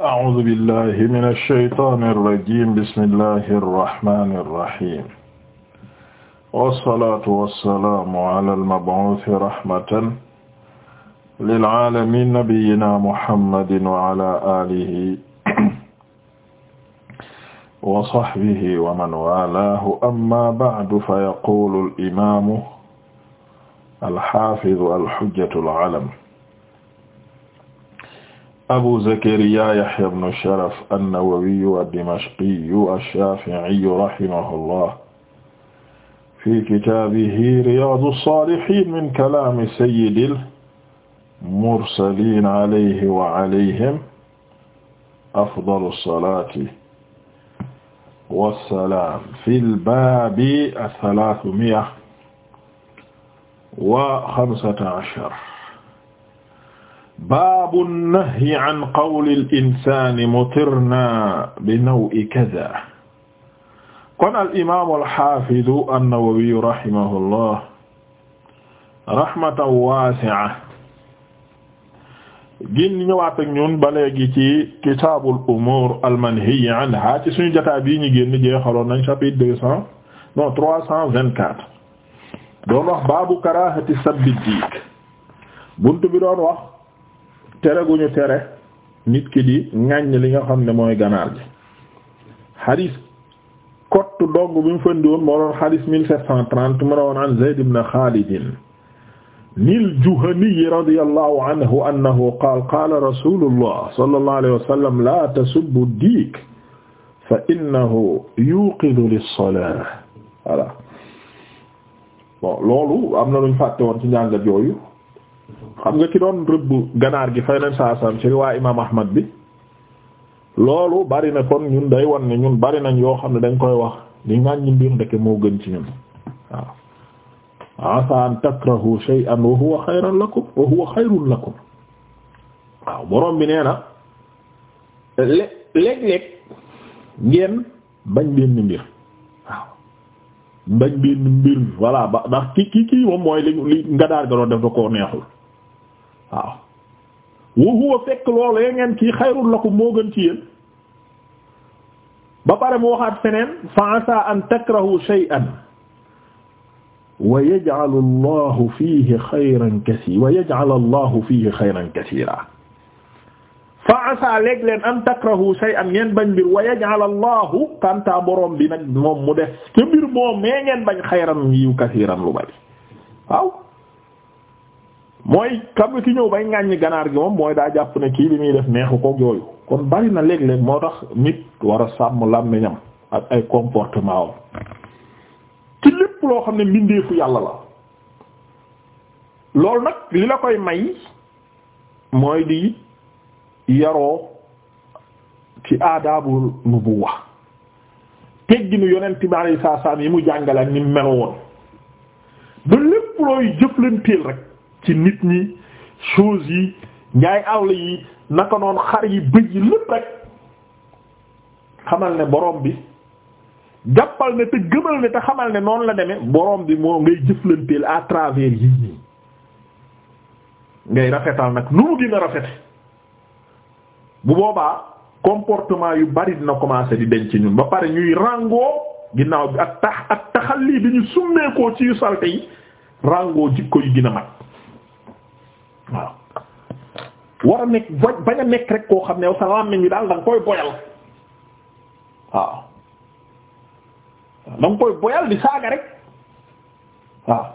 أعوذ بالله من الشيطان الرجيم بسم الله الرحمن الرحيم والصلاة والسلام على المبعوث رحمة للعالمين نبينا محمد وعلى آله وصحبه ومن والاه أما بعد فيقول الإمام الحافظ الحجة العلم abu zakariya yahya ibn sharaf an-nawawiyu ad-dimashqiyu ash-shafi'iyu rahimahullah fi kitaabihi riyaadu saalihiin min kalaami sayyidil mursaliin alayhi wa alayhim afdalu salaati wa salaam fil baabi ath-thalaathumi'a wa khamsata ashar baabu nahyi an qawlil insaani mutirnaa bi nawi kaza kon al imaamu al xaafidu an-Nawawi rahimahullah rahmatan waasi'a gin ñëwaat ak ñun ba léegi ci kitaabul umuur al manhiyyi anhaa ci suñu jotaay bii ñu génn jeexaloon nañ chapitre deux cent non trois cent vingt quatre doon wax baabu karaahati sabbi diik buntu bi doon wax. tere gu ñu tere nit ki di ŋàññ li nga xam ne mooy ganaar gi xadis kott dong bi mu fëndi woon moo doon xadis mille sept cent trente mu ne an Zayd ibn Khalid nil juhani radiyallahu anhu annahu qaal qaala rasulullah sallallahu alayhi wa sallam diik fa innahu yuqidu lis-salah loolu am na luñ fàtte woon ci njàngat yooyu xam nga ki doon rëbb ganaar gi fay leen saa saam ci riwaa imaam Ahmad bi loolu bari na kon ñun day wan ne ñun bari nañ yoo xam ne dañ koy wax di ñaan ñi mbir ndeke moo gën ci ñun waaw asa an takrahu shay'an wa huwa xayran lakum wa huwa xayrun lakum waaw borom bi nee na le léeg-léeg ngeen bañ benn mbir waaw bañ benn mbir voilà ba ndax ki ki kii moom mooy li li nga daar ga doon def da koo neexul waaw wa huwa fekk loolee ngeen kii xayrul lakum moo gën ci yéen ba pare mu waxaat feneen fa asa an takrahu shay'an wa yaj'alu allahu fihi xayran wa yaj'alu allahu fihi xayran kasiira fa asa léeg leen an takrahu shay'an ngeen bañ mbir wa yaj'al allahu kanta borom bi nag moom mu def ca mbir moom mais ngeen bañ xayran yiw kasiiran lu bari mooy xam nga ki ñëw bay ŋàññi ganaar gi moom mooy daa jàpp ne kii li muy def neexu ko yooyu kon bari na léeg-léeg moo tax nit war a sàmm làmmiñam ak ay comportement am ci lépp loo xam ne mbindeefu yàlla la loolu nag li la koy may mooy di yaroo ci aadaabul nubuwa tegginu yonent bi alayhi salaam yi mu jàngale ak ni mu melo woon ba lépp looy jëflanteel rek ci nit ñi choses yi njaay àll yi naka noon xar yi bëj yi lépp rek xamal ne borom bi jàppal ne te gëmal ne te xamal ne noonu la demee borom bi moo ngay jëflanteel à travers yi ñii ngay rafetal nag nu mu gën a rafet bu boobaa comportement yu bari dina commencer di denc ñun ba pare ñuy ràngoo ginnaaw bi ak tax ak taxalli bi ñu summeekoo ci yu salte yi ràngoo jikko yu gën mag war a nekk bañ a nekk rek koo xam ne yow sa làmmiñ bi daal da koy boyal waaw da koy boyal di saaga rek waaw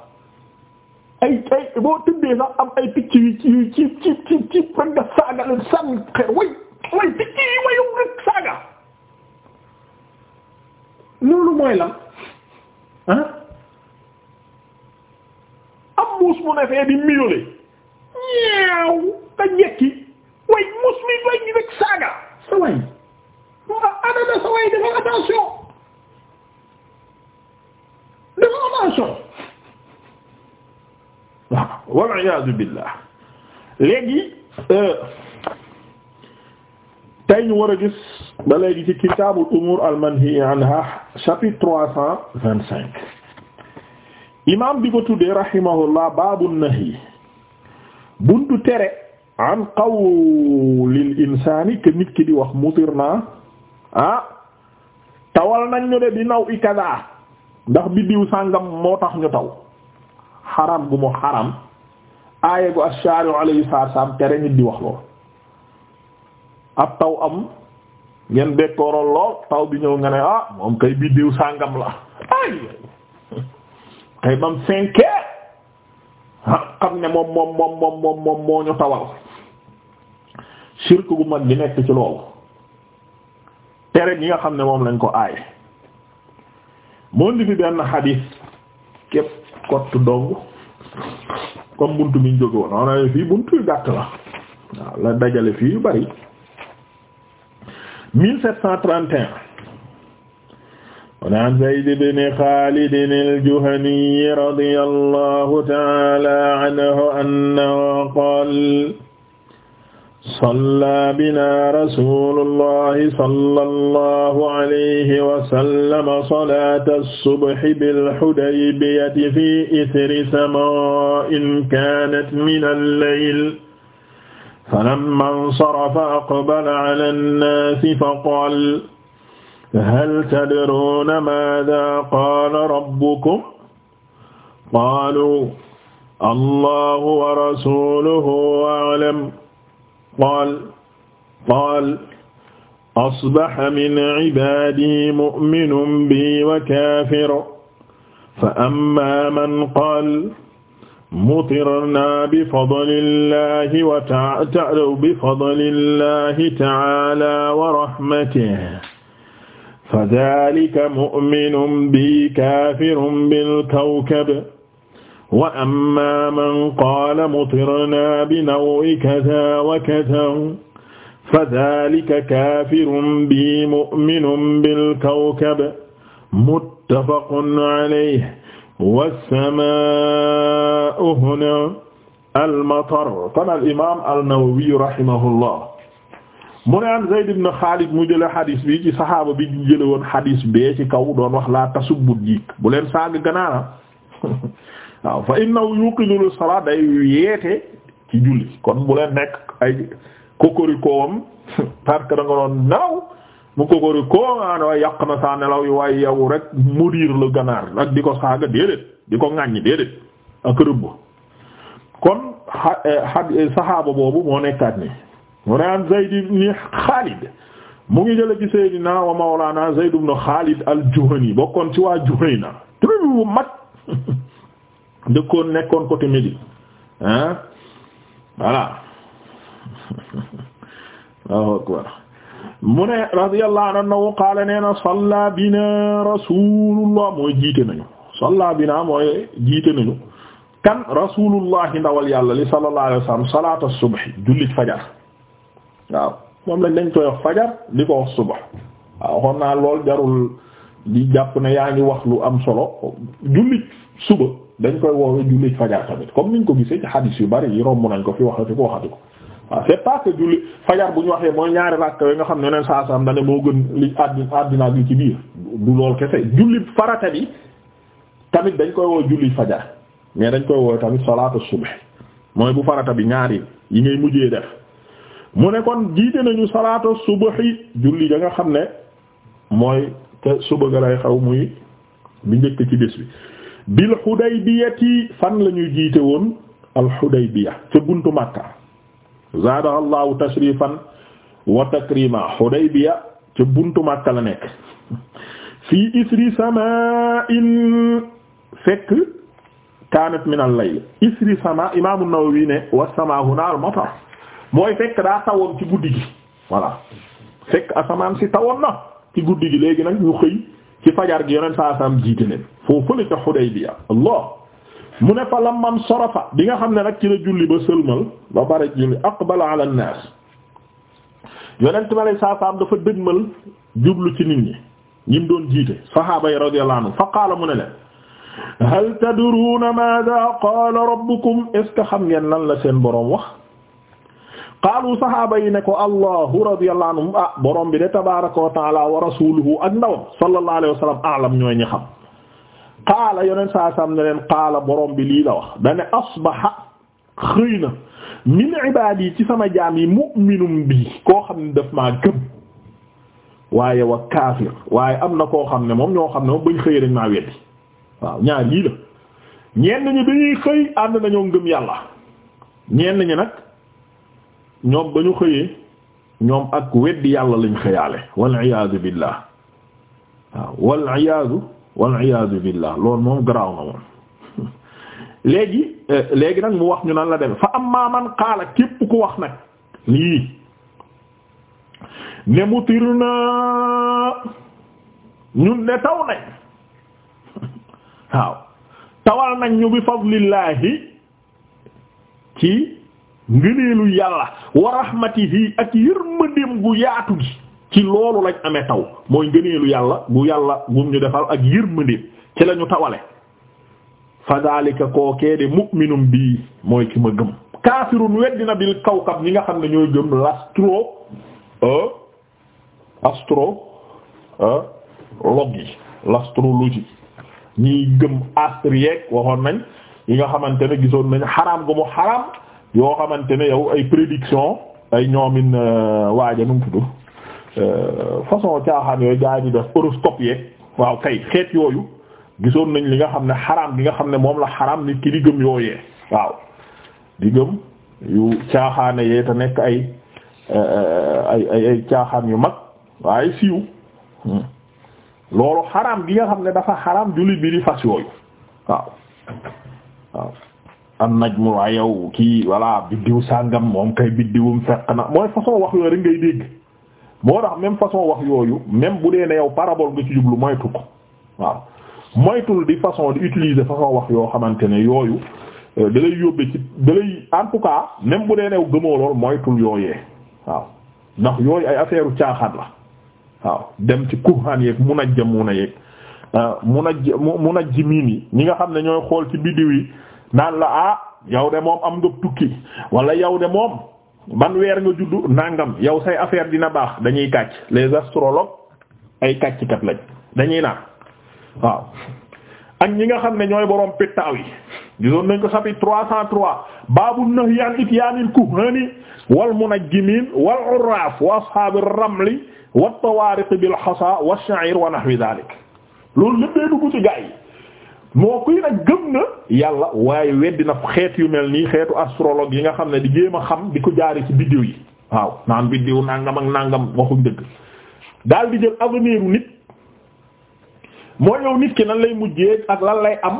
ay ay boo tuddee sax am ay picc yu yu ci ci ci ci rek nga saaga loolu mooy lan ah am muus mu ne fee di miole ñeew nga jekki way mus mi way ñu rek saaga sa way waa adada sa way dafa attention dafa attention waaw wal iyaadu billah léegi euh, tey ñu war a gis ba léegi ci kitaabul umuur al manhi anha chapitre trois cent vingt-cinq imam bi ko tuddee rahimahullah baabu nahyi buntu tere an qawlil insaani que nit ki di wax mutir naa ah tawal nañ ñu de di naw i kadaa ndax biddiw sàngam moo tax ñu taw xaram gu mu xaram aaye gu ash-shari alayhi salaam tere nit di wax lool ab taw am ngeen bekkoorool lool taw bi ñëw nga ne ah moom kay biddiw sàngam la ay kay bam cinq xam ne moom moom moom moom moom moom moo ñu tawal sirku bu mag bi nekk ci loolu tere gi nga xam ne moom lañ ko aaye moo ndi fi benn xadiis képp kott dong comme buntu bi ñu jóge woon noonu fii buntu waaw la dajale fii yu bari 1731 mu naan Zayd ibn Xaalid al-Juhani radiyallahu ta'ala anhu annahu qaala salla bina rasulullahi sallallahu alayhi wa sallama salaata subhi bil-Hudaybiyati fii ithri samaa'in kaanat mina al-layl falammaa insarafa aqbala ala an-naasi faqaala hal tadruuna maadaa qaala rabbukum qaaluu allahu wa rasuluhu a'lam qaala qaala asbaha min cibaadii mu'minun bii wa kaafirun fa ammaa man qaala mutirnaa bifadlillahi wa bifadlillahi ta'aalaa wa rahmatihi fadhalika mu'minun bi kaafirun bil kawkab wa amma man qaala mutirnaa bi nawi kaza wa kaza fadhalika kaafirun bi mu'minun bil kawkab muttafaqun alayhi was-samaa'u hunaa al-matar qaala al-imaam an-Nawawi rahimahullah mu ne an Zayd ibn Khalid mu jële xadis bi ci saxaaba bi ñu jële woon xadis bee ci kaw doon wax laa tasubbu jiik bu leen saaga ganaana ah. waaw fa innahu yuqidul salaat day yeete ci julli kon bu leen nekk ay kokorikoom parce que da doon nelaw mu kokorikoom ah, a waaye yàq na saa nelaw yi waaye yow rek muriir lu ganaar ak di ko saaga déedéet di ko ŋàññi déedéet ak rëbb kon eh, eh, saxaaba boobu moo nekkaat nii mu ne an Zayd ibn Khalid mu ngi jële ci Seydina wa Mawlana Zayd ibn Khalid al bokkoon ci waa Juhayna tribu bu dëkkoon nekkoon côté Médine hein voilà Allahu akbar mu ne radiyallahu anhu qaala nee na salla bina rasulullah mooy jiite nañu salla bina mooy jiite nañu kan rasulullah ndawal yàlla li sallallahu alayhi wasallam salaata subhi jullit fajar waaw moom lañ dañ koy wax fajar di ko wax suba waaw xon naa lool jarul di jàpp na yaa ngi wax lu am solo jullit suba dañ koy woowee jullit fajar tamit comme niñ ko gisee ci hadis yu bari yi romb nañ ko fi waxati ko waxati ko waaw c'est pas que bu ñu waxee mooy ñaari rakk yi nga xam ne yeneen saa saam dane moo gën li àddina àddina bi ci biir du lool kese julli farata bi tamit dañ koy woo julli fajar mais dañ koy woo tamit salaatu subh mooy bu farata bi ñaari yi ngay mujjee def mu ne kon jiite nañu salaatu subaxi julli da nga xam ne mooy suba ga lay xaw muy bi njëkk ci bés bi bil Hudaybiyati fan lañuy jiite woon al Hudaybiya ca buntu Makka zaadaha Allahu tashrifan wa takrima Hudaybiya ca buntu Makka la nekk fii isri sama'in fekk kanat min al layl isri sama imam an-Nawawi ne wa sama huna al matar mooy fekk daa tawoon ci guddi gi voilà fekk asamaan si tawoon na ci guddi gi léegi nag ñu xëy ci fajar gi yoneen saa saam jiite leen foofu la ca Hudaybiya Allah mu ne fa lamman sorofa bi nga xam ne nag ci la julli ba sëlmal ba pare julli aqbala ala an-nas yonent bi alayhi salaam dafa dëgmal jublu ci nit ñi ñi doon jiite sahaaba yi radiyallahu anhu fa qaala mu ne leen hal tadruuna maada qaala rabbukum est xam ngeen lan la seen boroom wax qaalu sahaaba yi ne ko allahu radiyallahu anhum ah borom bi de tabaraka wa taala wa rasuluhu ak ndawam sallallahu alayhi wa sallam alam ñooy ñi xam qaala yoneen saa sam ne qaala borom bi lii la wax dane asbaha xëy na min ibaadi ci sama jaam yi mu'minum bi koo xam ne daf maa gëm waaye wa kaafir waaye am na koo xam ne moom ñoo xam ne moom bañ xëy dañ maa weddi waaw ñaar yii la ñenn ñi dañuy xëy ànd nañoo ngëm yàlla ñenn ñi nag ñoom ba ñu xëyee ñoom ak weddi yàlla lañ xëyaale wal iyaadu billah waaw wal iyaadu wal iyaadu billah loolu moom garaaw na moom léegi euh, léegi nag mu wax ñu naan la dem fa amma man qaala képp ku wax nag lii ne mutirna ñun ne taw nañ waaw tawal nañ ñu bi fadlillahi ci ngëneelu yàlla wa rahmatihi ak yërmandeem gu yaatu gi ci loolu lañ amee taw mooy ngëneelu yàlla gu yàlla gum ñu defal ak yërmandeem ci lañu tawale fa daalika kookee de mu'minum bii mooy ki ma gëm kaafirun weddina bil kawkab ñi nga xam ne ñooy gëm l'astro euh, astro euh, log yi l'astrologie ñiy gëm astre yeeg waxoon nañ yi nga xamante ne gisoon nañ xaraam gu mu xaraam yoo xamante ne yow ay prédiction ay ñoomin euh, waaja nu mu tudd euh, façon caaxaan yooyu gaa yi di def horoscope yeeg waaw kay xeet yooyu gisoon nañ li nga xam ne xaraam gi nga xam ne moom la xaraam nit ki di gëm yooyee waaw di gëm yu caaxaane yee te nekk ay euh, ay caaxaan yu mag waaye siiw hmm. loolu xaraam gi nga xam ne dafa xaram jullit bi di fas yooyu waaw am an najmu yow kii voilà biddiw sàngam moom kay biddiwum fekk na mooy façon wax yooyu rek ngay dégg moo façon wax yooyu même bu dee ne yow parabole nga ci jublu moytu ko waaw moytul di façon di utiliser façon wax yoo xamante ne yooyu euh, da lay ci da lay en tout cas même bu dee ne yow gëmoo lool moytul yooyee waaw ndax yooyu ay affaire u caaxaan la waaw dem ci kuhaan yeeg munajjamuuna yeeg euh, munajj munajjimiin yi ñi nga xam ne ñooy xool ci biddiw yi. naan la ah yow de moom am nga tukki wala yow de moom ban weer nga juddu nangam yow say affaire dina baax dañuy kàcc les astrologues ay kàcckat lañ dañuy naan waaw. ak ñi nga xam ne ñooy borom pittaaw yi gisoon nañ ko chapitre trois cent trois baabu nahyi an ityaanil kuhaani wal munajjimiin wal urraaf wa ashaabir ramli wat tawaariq bil hasaa wash sha'ir wa nahwi daalik loolu lépp day dugg ci gaa yi. moo kuy nag gëm na yàlla waaye weddi na xeet yu mel nii xeetu astrologue yi nga xam ne di jéem a xam di ko jaari ci biddiw yi waaw naan biddiw nangam ak nangam waxuñ dëgg daal di jël avenir nit moo yow nit ki nan lay mujjee ak lan lay am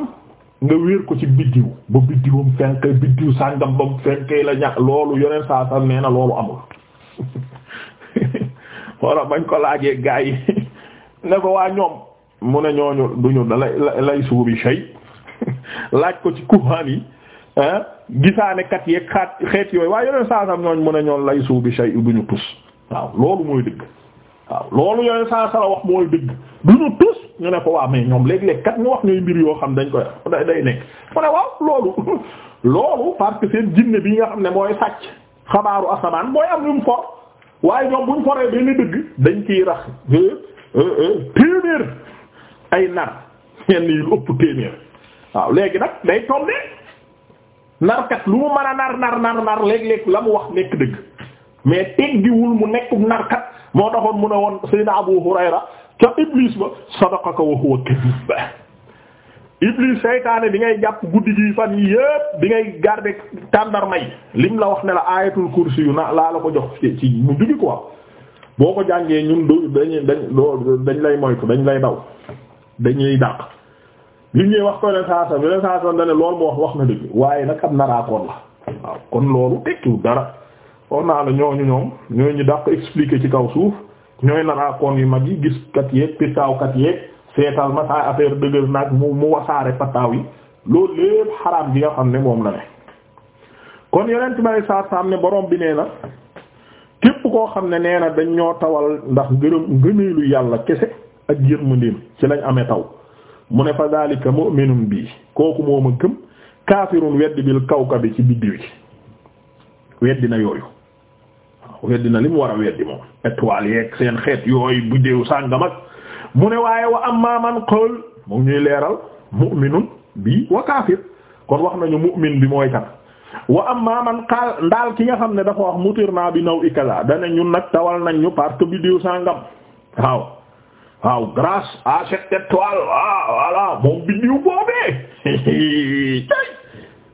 nga wéer ko ci biddiw ba biddiwam fenkay biddiw sàngam ba fenkay la ñàkk loolu yoneen saa sa nee na loolu amul walla bañ ko laajee gaa yi ne ko waa ñoom mu ne ñooñu duñu lay lay suubi shay laaj ko ci kuhaan yi ah, kat yeeg xaat xeet yooyu waaye yeneen saasam ñooñ mu ne ñoon lay suubi shay duñu waaw loolu mooy dëgg waaw loolu yeneen saasala wax mooy dëgg duñu tus ñu ne ko waaw mais ñoom léeg-léeg kat ñu wax ñooy mbir yoo xam dañ koy day nekk mu ne waaw loolu loolu parce que seen jinne bi nga xam ne mooy sàcc xabaaru asamaan mooy am lu mu for waaye ñoom buñ foree benn dëgg dañ ciy rax eh, eh, eh, téeméer ay nar ñenn yu ëpp téeméer waaw léegi nag day tombé narkat lu mu mën a nar nar nar nar léeg-léeg la mu wax nekk dëgg mais teggiwul mu nekkum narkat moo taxoon mu ne woon Seydina Abu Hurayra ca Iblis ba sadaqaka wa huwa kadhib Iblis seytaane bi ngay jàpp guddi gi fan yépp bi ngay garder tàndarma yi lim la wax ne la ayatul kursi yu na laa la ko jox ci ci mu jugi quoi boo ko jàngee ñun du dañ dañ dañ lay moytu dañ lay daw dañuy dàq li ñuy wax ko ne saa sa beneen saa sa ne loolu mu wax wax na dëgg waaye nag am naraakoon la waaw kon loolu tekkiwul dara foog naa la ñooñu ñoom ñooy ñu dàq expliquer ci kaw suuf ñooy naraakoon yu mag yi gis kat yeeg pitaaw kat yeeg seetal ma saa affaire dëgër naag mu mu wasaare pataaw yi loolu lépp xaraam bi nga xam ne moom la ne. kon yeneen ci may saa ne borom bi nee na képp koo xam ne nee na dañ ñoo tawal ndax ngërëm ngëneelu yàlla kese. ak yërmandeem ci lañ amee taw mu ne fa daalika mu'minun bii kooku moo ma gëm kaafirun weddi bil kawkabi ci biddiw ci weddi yooyu waaw na li mu war weddi moom étoile yeeg seen xeet yooyu biddiw sàngam mu ne waaye wa amma man qul mu ñuy leeral mu'minun bii wa kaafir kon wax nañu mu'min bi mooy kan wa amma man qaal ndaal ki nga xam ne dafa wax mutir bi naw i kaza dana ñun nag tawal nañ ñu parce que biddiw sàngam waaw waaw grâce à cette étoile ah moom bi diw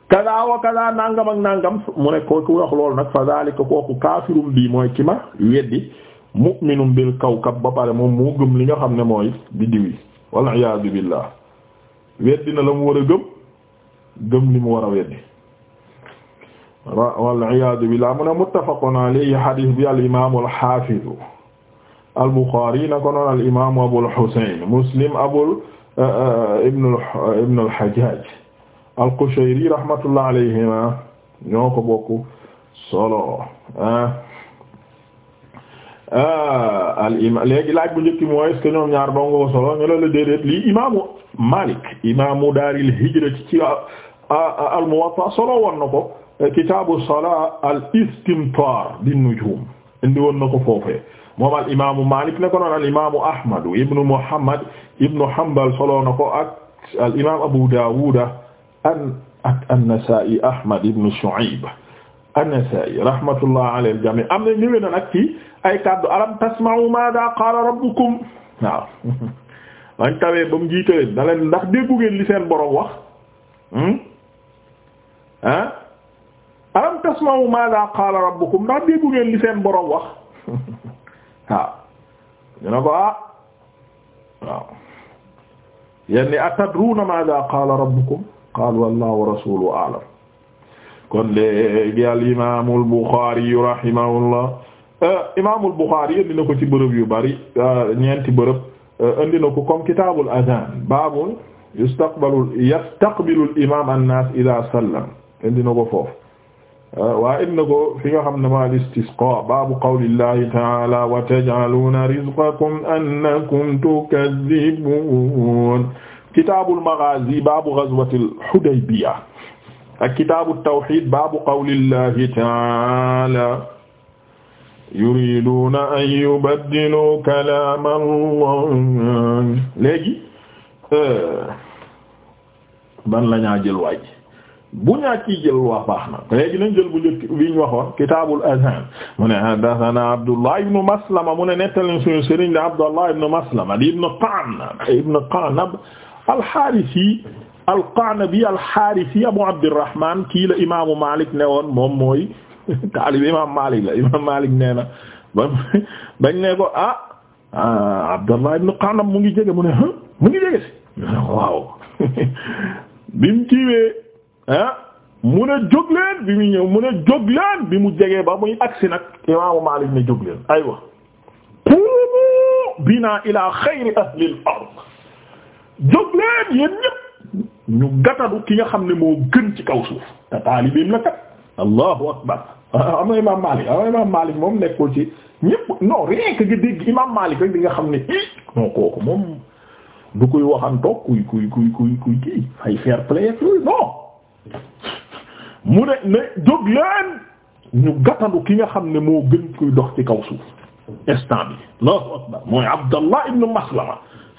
kadaa wa kadaa nangam ak nangam mu ne ko ku wax loolu nag fa zalika kooku kaafirum bii mooy ki ma weddi mu'minum bil kawkab ba pare moom moo gëm li nga xam ne mooy bi diw yi wal iyaadu billah weddi na la mu war a gëm gëm li mu war a weddi wal iyaadu billah mu ne muttafaqun alayhi hadith bi al imaam al haafiz al-Bukhari na ko noon al-imaamu Abul Husayn Muslim abul eh, eh, ibn ibn al-Hajjaj al-Qushayri rahmatullah alayhima ñoo ko bokk solo ah. ah, al imaam léegi laaj bu njëkk mooy est-ce que ñoom ñaar dongo solo ñu la déedéet lii imaamu Malik imaamu daaril hijra ci ah, al-Muwatta solo woon na ko eh, kitaabu salaa al-istimtaar bin-nujuum indi woon na ko foofee moom al imaamu Malik ne ko noon al imaamu Ahmad ibnu Muhammad ibnu Hanbal solo na ko ak al imaam Abu Dawud an ak an-Nasa'i Ahmad ibnu Shu'ayb an-Nasa'i rahmatullah ala al-jami' am na ñëwee na nag ci ay kàddu alam tasma'u maada qaala rabbukum waaw dañ tawee ba mu jiitaleen na leen ndax déggu ngeen li seen borom wax ah alam tasma'u maada qaala rabbukum ndax déggu ngeen li seen borom wax waaw ñu ne ko ah waaw yenni atadruuna maada qaala rabbukum qaalu allahu wa rasuluhu a'lam kon léegi al imaamul Buxaari rahimahullah eh, imaamul Buxaari indi na ko ci bërëb yu bari eh, ñeenti bërëb eh, indi na ko comme kitaabul azaan baabul yastaqbilul yastaqbilul imaam an-naas idaa sallam indi na ko foofu Ah, waaye indi na ko fi nga xam ne ma al-istisqa baabu qawlillahi ta'ala wa taj'aluuna rizqakum annakum tukadhibuun kitaabul maghaazi baabu ghazwatil hudaybiyya ak kitaabut tawhiid baabu qawlillahi ta'ala yuriiduuna an yubaddiluu kalaamallah léegi eh, ban la ñu jël waay bu ñaa ciy jël wax baax na léegi nañ jël bu njëkk bi ñu mu ne haddathana abdullah ibnu maslama mu ne nettalen suñu sëriñ la abdullah ibnu maslama di ibnu qanab ibnu qanab alxaarisi alqanabi alxaarisi abu abdirrahman kii la imaamu malik ne woon moom mooy taalib imaam malik la imaam malik nee na ba bañ ne ko ah, ah abdullah mu ngi jege mu ah mu ne bi muy ñëw mu ne jóg leen bi mu jegee ba muy agsi nag imaamu Maalik ne jóg leen aywa qumu bina ila xayri ahli al ard jóg leen yéen gatadu ki nga xam ne moo gën ci kaw suuf te taalibeem la kat allahu akbar ah, am imaam Maalik am imaam Maalik moom nekkul ci ñëpp non rien que nga imaam Maalik rek di nga xam ne i non kooku moom du koy waxantoog kuy kuy kuy kuy kuy kii ay fair play non mu ne ne jóg leen ñu gàttandu ki nga xam ne moo gën kuy dox ci kaw suuf instant bi Allahu akbar mooy Abdallah ibn Maslama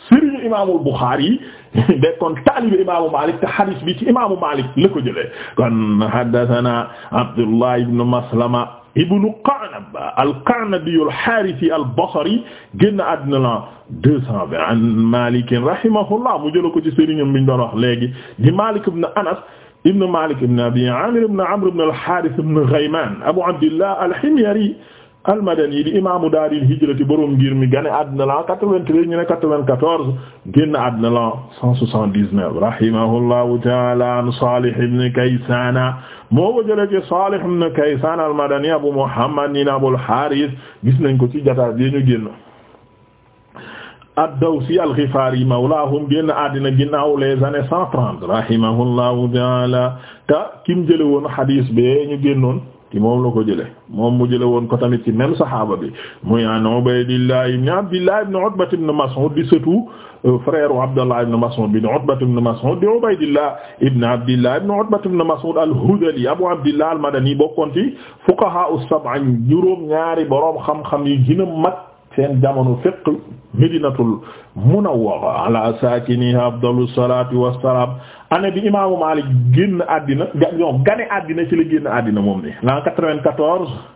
sëriñu imaamul Buxaari yi dekkoon taalibi imaamu Maalik te hadiis bi ci imaamu Maalik la ko jëlee kon haddasanaa Abdullah ibn Maslama ibnu Qa'nab al-Qa'nabi al-Haarisi al-Basri génn àddina la 220 an Maalik rahimahullah mu jëla ko ci sëriñam bi ñu doon wax léegi di Maalik ibn Anas ibn Malik ibn Abi Amir ibn Amr ibn al-Harith ibn Ghayman Abu Abdillah al-Himyari al-Madani di imaamu daaril hijrati borom ngir mi gane àddina la 93 ñu ne 94 génn àddina la 179 rahimahullahu ta'ala an Salih ibn Kaysan moo ko jëlee ci Salih ibn Kaysan al-Madani Abu Muhammad ibn Abul Harith gis nañ ko ci jotaay bi ñu génn ad-Dawsi al-Ghifari mawlaahum génn àddina ginnaaw les années cent trente rahimahullahu ta'ala te kim jële woon xadiis bee ñu génnoon ci moom la ko jële moom mu jële woon ko tamit ci même saxaaba bi muy an Ubaydillah ibn Abdillah ibn Utbah ibn Mas'ud di sëtu euh, frère u Abdallah ibn Mas'ud bi di Utbah ibn Mas'ud di Ubaydillah ibn Abdillah ibn Utbah ibn Mas'ud al-Hudali Abu Abdillah al-Madani bokkoon ci fuqaha as-sab'a juróom ñaari boroom xam-xam yi gën a mag seen jamono fiqh Madinatul Munawwara ala saakiniha afdalu salaatu wassalaam année bi imaamu Maalik génn àddina ga ñoom gane àddina ci la génn àddina moom ni l'an 94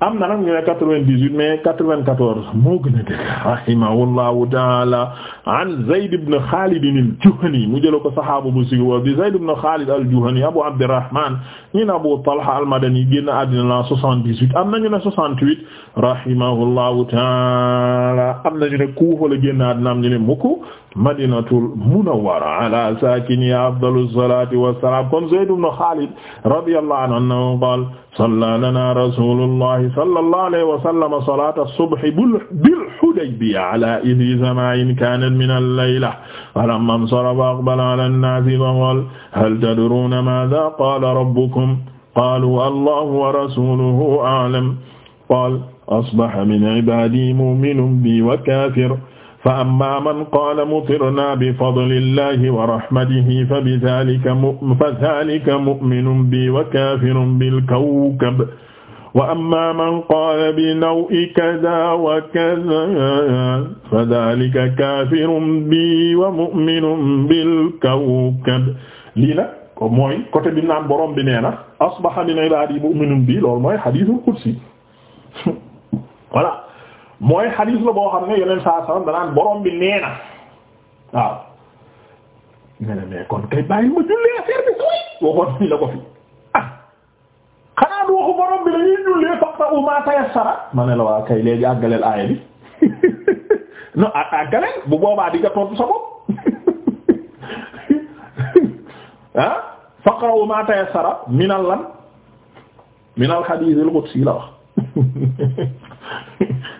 am na nag ñu ne quatre-vingt-dix-huit mais quatre-vingt-quatorze moo gën a dëgg rahimahullahu taala an Zayd ibn Khalid al-Juhani mu jëla ko sahaaba bu sigi wa bi Zayd ibn Khalid al-Juhani Abu Abdurrahman ñi ne Abu Talha al-Madani génn àddina la soixante-dix-huit am na ñu ne soixante-huit rahimahullahu taala am na ñu ne Kufa la génn àddina am ñu ne mukk Madinatul Munawwara ala sakiniha afdalu salati wassalam kon Zayd ibn Khalid radiyallahu anhu salla lana rasulullahi sallallahu alayhi wa sallam salata subhi bil Hudaybiya ala idhi zama'in kanat min al-layla falamma insarafa aqbala ala an-nasi faqala hal tadruna madha qala rabbukum qalu allahu wa rasuluhu a'lam qala asbaha min ibadi mu'minun bi wa kafir fa amma man qaala mutirnaa bi fadlillahi wa rahmatihi fa bi zaalika mu fa zaalika mu'minun bi wa kaafirun bil kawkab wa amma man qaala bi naw'i kaza wa kaza fa zaalika kaafirun bi wa mu'minun bil kawkab lii nag mooy côté bi naan borom bi nee na asbaha min ibaadi mu'minun bi loolu mooy hadiisul qudsi voilà. mooy xadiis la boo xam ne yeneen saa salaam danaan borom bi nee na waaw ne ne kon kay bàyyi ma jullee affaire bi sooy waxoon la ko fi ah xanaa du waxu borom bi lañuy jullee faqra'u ma tayassara ma ne la waa kay léegi àggaleel aaya bi non àggaleel bu boobaa di nga sa bopp ah faqra'u ma tayassara minal lan minal xadiisil qudsi la wax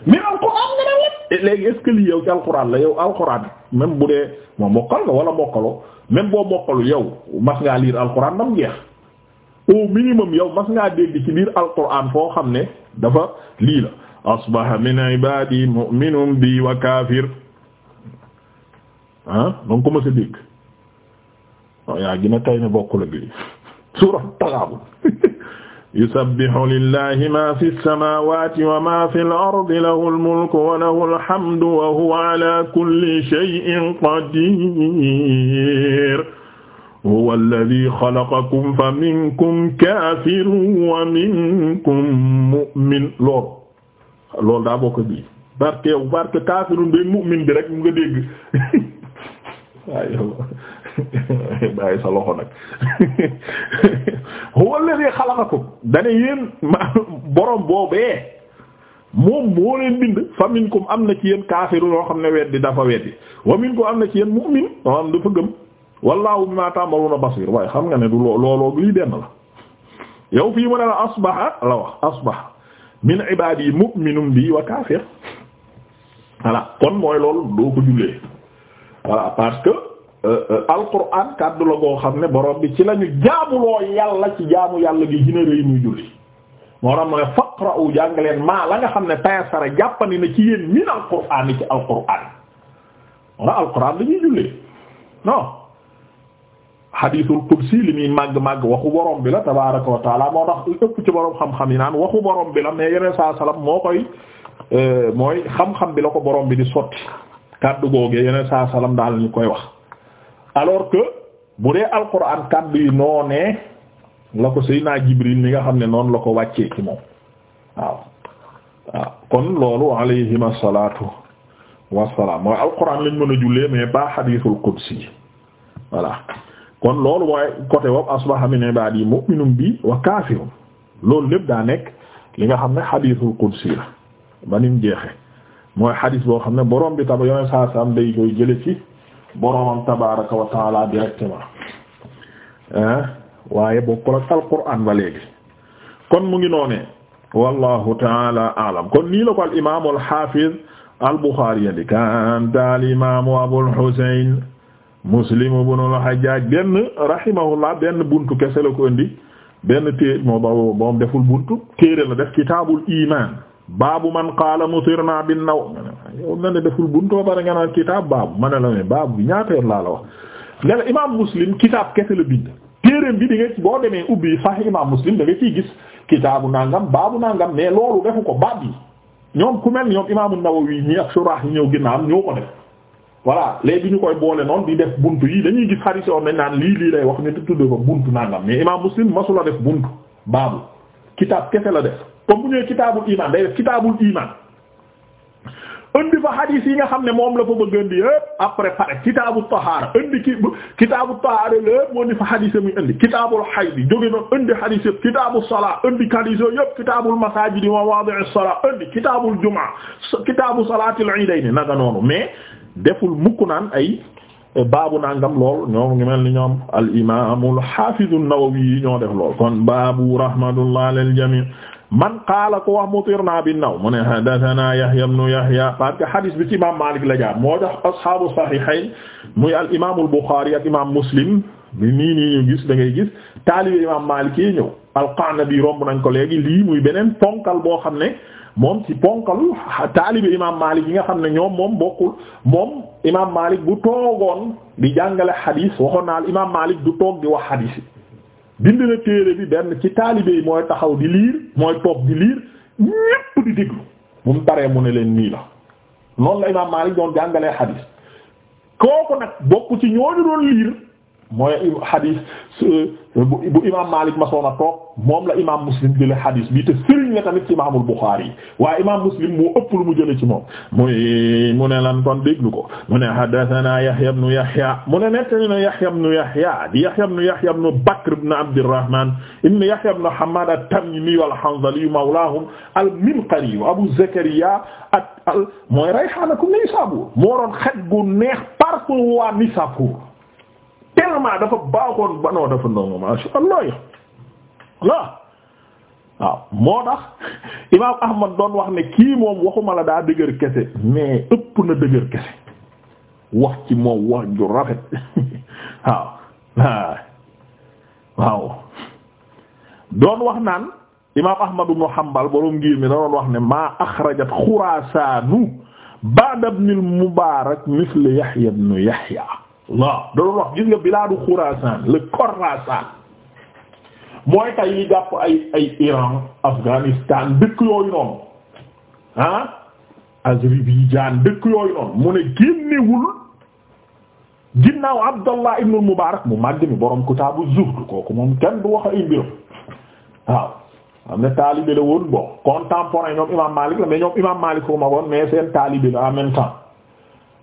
mais alxuraan nga ne la léegi est-ce que lii yow ci alxuraan la yow alxuraan bu dee moom mokkal nga wala mokkaloo même boo mokkalu yow mas ngaa liir alxuraan dam jeex au minimum yow mas ngaa dégg ci biir alxuraan foo xam ne dafa lii la asbaha min ibadi mu'minun bi wa kaafir ah ko mas a dégg waaw yaa gina tay ne bokkul ak lii surat taxaabul yusabbihu lillahi ma fi samawati wa ma fi al-ardi lahu al-mulku wa lahu al-hamdu wa huwa ala kulli shay'in qadir huwa alladhi khalaqakum fa minkum kafirun wa minkum mu'min lool loolu daa bokk bi barke barke kafirun bi mu'min bi rek mu nga dégg bàyyi sa loxo nag huwa alladhi xalaqakum dane yéen ma borom boobee moom moo leen bind fa minkum am na ci yéen kaafiru loo xam ne weddi dafa weddi wa minkum am na ci yéen mu'min loo am dafa gëm wallahu bima ta'maluna basir waaye xam nga ne du looloo lii benn la yow fii mu ne la asbaha la wax asbaha min ibadi mu'minun bi wa kaafir voilà kon mooy loolu doo ko jullee voilà parce Euh, euh, alquran kàddu la goo xam ne borom bi ci la ñu jaamuloo yàlla ci jaamu yàlla gi gën a rëy muy julli moo tax mu ne faqra'u jàng leen maa la nga xam ne tayassara jàppandi na ci yéen min alquran ci alquran moo tax alquran la ñuy jullee non hadithul qudsi li muy màgg màgg waxu borom bi la tabaaraka wa moo tax ëpp ci borom xam-xam yi naan waxu borom bi la mais yeneen saa salaam moo koy euh, mooy xam-xam bi la ko borom bi di sotti kàddu googee yeneen daal ñu koy wax. alors que bu dee alquran kàddu yi noonee la ko Seydina Jibril mi nga xam ne noonu la ko wàccee ci moom waaw waaw kon loolu alayhim asalaatu wasalaam mooy alquran lañ mën a jullee mais ba hadithul qudsi voilà kon loolu mooy côté wob asbaha min ibadi mu'minun bi wa kafirun loolu lépp daa nekk li nga xam ne hadithul qudsi la ba nim jeexe mooy hadith boo xam ne borom bi taba yoneen saa sam day koy jële ci boromam tabaaraka wa taala directement waaye bokkul ak alquran ba léegi kon mu ngi noonee wallahu taala alam kon nii la al imaamu al xaafiz al buxaari yandi kanta al imaamu abul husayn muslim ibn al hajjaj benn rahimahullah benn buntu kese la ko indi benn téere moo ba deful buntu téere la def kitaabul iman baabu man qaala naa bi naw yow ne deful buntu ba pare nga naan kitaab baabu ma ne la ne baabu bi ñaata yoon laa la wax ne la imaam muslim kitaab kese la bind téereem bi di nga boo demee ubbi sax imaam muslim da nga ciy gis kitaabu nangam baabu nangam mais loolu defu ko baab yi ñoom ku mel ñoom imaamu Nawawi ñi ak surah yi ñëw ginnaam ñëw ko def voilà léegi ñu koy boole noonu di def bunt yi dañuy gis xarit yoon nañ naan lii lii lay wax ñu di tudd buntu nangam mais imaam muslim masula def buntu baabu kitaab la def. comme bu ñëwee kitaabul iman day def kitaabul iman indi fa hadith yi nga xam ne moom la fa bëgg indi yëpp après pare kitaabu tahaara indi ki kitaabu tahaara yëpp moo indi fa hadith muy indi kitaabul hayd jóge noonu indi hadith yëpp kitaabu salaa indi hadith yëpp kitaabul masaajid wa mawaadi'us salaa indi jumaa kitaabu salaatil iidayni naka noonu mais deful mukk naan ay eh, baabu nangam lool ñoom ngi mel ni ñoom al imaamul haafizu an-Nawawi ñoo def lool kon baabu rahmatullah lil jamii man qaala ko wax mutirna bi naw mu ne hadathana yahya ibn yahya parce que hadis bi ci imam malik la jaar moo tax ashabu sahihayn muy al imam al bukhari ak imam muslim bi nii nii ñu gis da ngay gis taalibe imam malik yi ñëw al-Qanabi romb nañ ko léegi lii muy beneen ponkal boo xam ne moom ci ponkal taalibe imam malik yi nga xam ne ñoom moom bokkul moom imam malik bu toogoon di jàngale hadis waxoon naa al imam malik du toog di wax hadis yi bind na téere bi benn ci taalibe yi mooy taxaw di liir mooy toog di liir ñépp di déglu bu mu paree mu ne leen nii la noonu la imaam Maalik doon jàngalee xadiis kooku nag bokk ci ñooñu doon liir mooy hadis euh, bu imaam Malik masoon a toog moom la imaam Muslim jële hadis bi te sëriñ la tamit ci imaamul Buxaari waaye imaam Muslim moo ëpp lu mu jële ci moom muy mu ne lan kon déglu ko mu ne haddathana Yahya ibn Yahya mu ne nettali na Yahya ibn Yahya di Yahya ibn Yahya ibn Bakr ibn Abdirrahman ibn Yahya ibn Hammad at-Tamimi al-Hanzali mawlahum al-Minqari Abu Zakariya at al mooy Rayhana ku Nisabur moo doon xet gu neex parfum waa Nisabur tellement dafa baaxoon ba non dafa ndongo masha Allah la waaw moo tax imaam Ahmad doon wax ne kii moom waxuma la daa dëgër kese mais ëpp na dëgër kese wax ci moom wax ju rafet waaw waaw doon wax naan imaam Ahmad ibn Hanbal boroom ngir mi da wax ne maa axrajat Xuraasaanu ba'da ibn mubaarak misl Yahya ibn Yahya waaw doon wax gis nga bilaadu Xuraasaan le Khorassan mooy yi jàpp ay ay Iran Afghanistan dëkk yooyu noonu ah Azerbaïdjan dëkk yooyu noonu mu ne génnewul ginnaaw Abdallah ibn Mubarak mu màgg mi borom kitaabu zuhd kooku moom kenn du wax ay mbiram waaw am na taalibe la woon bon contemporain ñoom Imaam Malik la mais ñoom Imaam Malik ko ma woon mais taalibe la en même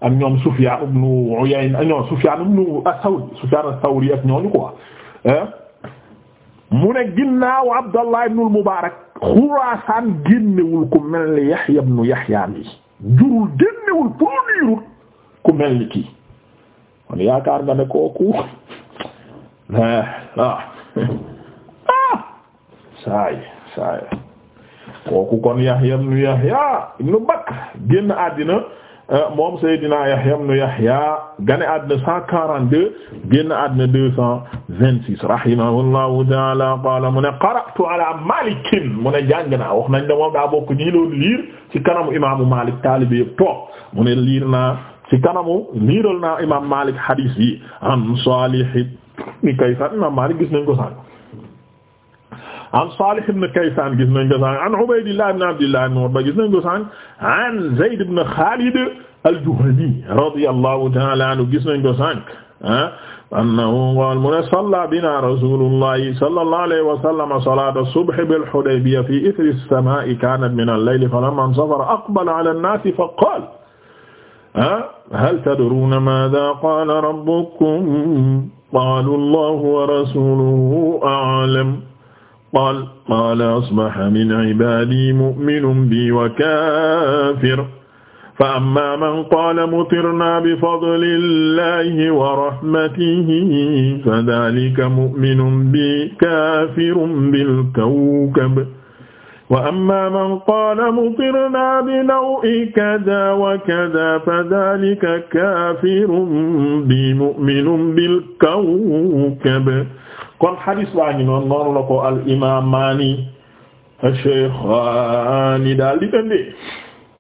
ak ñoom Sufyan ibn Uyayna ñoom Sufyan ibn as-Sawri Sufyan as-Sawri ak ñooñu quoi mu ne ginnaaw Abdallah ibn al-Mubarak Xuraasaan génnewul ku mel ni Yahya ibn Yahya mi jurul génnewul produirul ku mel ni kii kon yaakaar nga ne kooku ah ah saay saay kooku kon Yahya ibn Yahya ibn Bakr génn àddina Euh, moom Seydina Yahya ibn Yahya gane àddina 142 génn àddina 226 rahimahullahu ta'ala qala mu ne qara'tu ala Malik mu ne jàng naa wax nañ ne moom daa liir ci kanamu imaamu Malik taalibe yëpp toog mu ne liir naa ci kanamu liiral naa imaam Malik hadith yi am Salih ni Malik gis nañ ko an Salih ibn Kaysan gis nañ ko sànq an Ubaydillah ibn Abdillah ibn Utba gis nañ ko sànq an Zayd ibn Khalid al-Juhani radiyallahu ta'ala anhu gis nañ ko sànq ah annahu qaala mu ne salla bina rasulullahi sallallahu alayhi wa sallam salata as-subh bil-Hudaybiyya fi ithri as-samaa'i kanat min al-layl falamma insafara aqbala ala an-naasi fa qaala ah hal tadruuna maazaa qaala rabbukum qaaluu Allahu wa rasuluhu a'lam qaal qaala asbaha min cibaadi muminun bi wa kaafir fa amma man qaala mutirnaa bifadli llahi wa rahmatihi fadaalika muminun bi kaafirun bilkawkab wa amma man qaala mutirnaa binawi kada wa kada fadaalika kaafirun bi muminun bilkawkab kon xadis baa ngi noonu noonu la ko al imaamaani ash-shaykhaani daal di indi